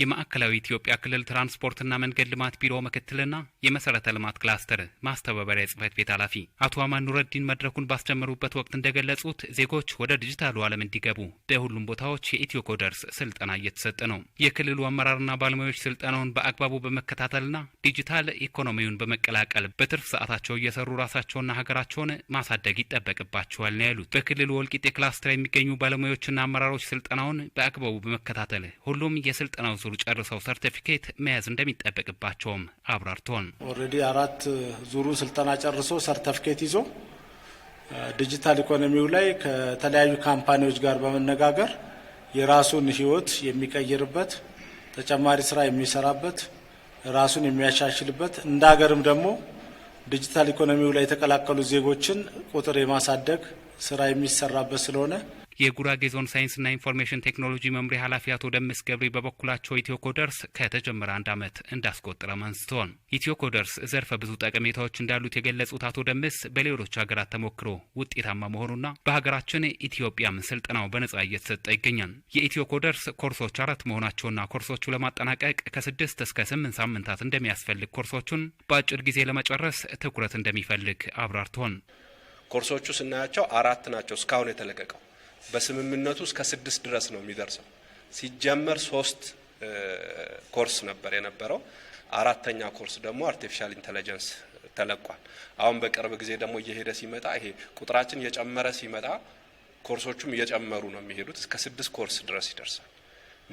የማዕከላዊ ኢትዮጵያ ክልል ትራንስፖርትና መንገድ ልማት ቢሮ ምክትልና የመሰረተ ልማት ክላስተር ማስተባበሪያ ጽህፈት ቤት ኃላፊ አቶ አማን ኑረዲን መድረኩን ባስጀመሩበት ወቅት እንደገለጹት ዜጎች ወደ ዲጂታሉ ዓለም እንዲገቡ በሁሉም ቦታዎች የኢትዮ ኮደርስ ስልጠና እየተሰጠ ነው። የክልሉ አመራርና ባለሙያዎች ስልጠናውን በአግባቡ በመከታተልና ዲጂታል ኢኮኖሚውን በመቀላቀል በትርፍ ሰዓታቸው እየሰሩ ራሳቸውና ሀገራቸውን ማሳደግ ይጠበቅባቸዋል ነው ያሉት። በክልሉ ወልቂጤ ክላስተር የሚገኙ ባለሙያዎችና አመራሮች ስልጠናውን በአግባቡ በመከታተል ሁሉም የስልጠናው ዙር ጨርሰው ሰርቲፊኬት መያዝ እንደሚጠበቅባቸውም አብራርቶን ኦልሬዲ አራት ዙሩ ስልጠና ጨርሶ ሰርቲፊኬት ይዞ ዲጂታል ኢኮኖሚው ላይ ከተለያዩ ካምፓኒዎች ጋር በመነጋገር የራሱን ህይወት የሚቀይርበት ተጨማሪ ስራ የሚሰራበት ራሱን የሚያሻሽልበት እንደ ሀገርም ደግሞ ዲጂታል ኢኮኖሚው ላይ የተቀላቀሉ ዜጎችን ቁጥር የማሳደግ ስራ የሚሰራበት ስለሆነ የጉራጌ ዞን ሳይንስና ኢንፎርሜሽን ቴክኖሎጂ መምሪያ ኃላፊ አቶ ደምስ ገብሪ በበኩላቸው ኢትዮኮደርስ ከተጀመረ አንድ ዓመት እንዳስቆጠረም አንስተዋል። ኢትዮኮደርስ ዘርፈ ብዙ ጠቀሜታዎች እንዳሉት የገለጹት አቶ ደምስ በሌሎች ሀገራት ተሞክሮ ውጤታማ መሆኑና በሀገራችን ኢትዮጵያም ስልጠናው በነጻ እየተሰጠ ይገኛል። የኢትዮ ኮርሶች አራት መሆናቸውና ኮርሶቹ ለማጠናቀቅ ከስድስት እስከ ስምንት ሳምንታት እንደሚያስፈልግ ኮርሶቹን በአጭር ጊዜ ለመጨረስ ትኩረት እንደሚፈልግ አብራርተዋል። ኮርሶቹ ስናያቸው አራት ናቸው እስካሁን የተለቀቀው በስምምነቱ እስከ ስድስት ድረስ ነው የሚደርሰው። ሲጀመር ሶስት ኮርስ ነበር የነበረው። አራተኛ ኮርስ ደግሞ አርቲፊሻል ኢንቴሊጀንስ ተለቋል። አሁን በቅርብ ጊዜ ደግሞ እየሄደ ሲመጣ ይሄ ቁጥራችን እየጨመረ ሲመጣ ኮርሶቹም እየጨመሩ ነው የሚሄዱት። እስከ ስድስት ኮርስ ድረስ ይደርሳል።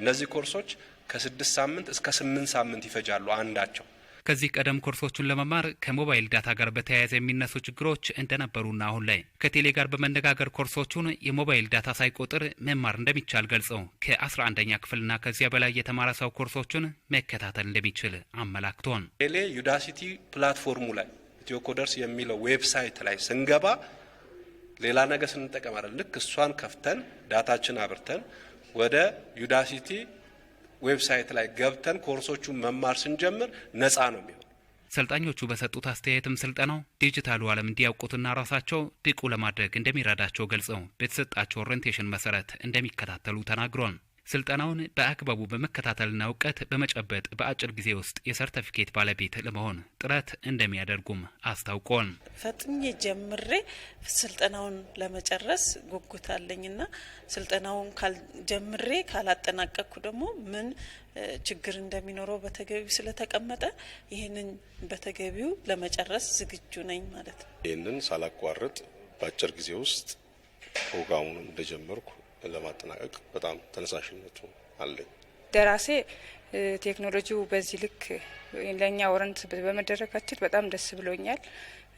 እነዚህ ኮርሶች ከስድስት ሳምንት እስከ ስምንት ሳምንት ይፈጃሉ አንዳቸው ከዚህ ቀደም ኮርሶቹን ለመማር ከሞባይል ዳታ ጋር በተያያዘ የሚነሱ ችግሮች እንደነበሩና አሁን ላይ ከቴሌ ጋር በመነጋገር ኮርሶቹን የሞባይል ዳታ ሳይቆጥር መማር እንደሚቻል ገልጸው ከ11ኛ ክፍልና ከዚያ በላይ የተማረ ሰው ኮርሶቹን መከታተል እንደሚችል አመላክቷል። ቴሌ ዩዳሲቲ ፕላትፎርሙ ላይ ኢትዮ ኮደርስ የሚለው ዌብሳይት ላይ ስንገባ ሌላ ነገር ስንጠቀማለን። ልክ እሷን ከፍተን ዳታችን አብርተን ወደ ዩዳሲቲ ዌብሳይት ላይ ገብተን ኮርሶቹን መማር ስንጀምር ነፃ ነው የሚሆን። ሰልጣኞቹ በሰጡት አስተያየትም ስልጠናው ዲጂታሉ ዓለም እንዲያውቁትና ራሳቸው ብቁ ለማድረግ እንደሚረዳቸው ገልጸው በተሰጣቸው ኦሪንቴሽን መሰረት እንደሚከታተሉ ተናግሯል። ስልጠናውን በአግባቡ በመከታተልና እውቀት በመጨበጥ በአጭር ጊዜ ውስጥ የሰርተፊኬት ባለቤት ለመሆን ጥረት እንደሚያደርጉም አስታውቋል። ፈጥኜ ጀምሬ ስልጠናውን ለመጨረስ ጉጉት አለኝና ስልጠናውን ጀምሬ ካላጠናቀቅኩ ደግሞ ምን ችግር እንደሚኖረው በተገቢው ስለተቀመጠ ይህንን በተገቢው ለመጨረስ ዝግጁ ነኝ ማለት ነው። ይህንን ሳላቋርጥ በአጭር ጊዜ ውስጥ ፕሮግራሙን እንደጀመርኩ ለማጠናቀቅ በጣም ተነሳሽነቱ አለኝ። ደራሴ ቴክኖሎጂው በዚህ ልክ ለእኛ ወረንት በመደረጋችን በጣም ደስ ብሎኛል።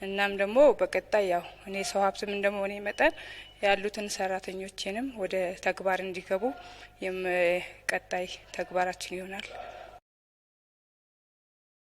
እናም ደግሞ በቀጣይ ያው እኔ ሰው ሀብትም እንደመሆኔ መጠን ያሉትን ሰራተኞችንም ወደ ተግባር እንዲገቡ ቀጣይ ተግባራችን ይሆናል።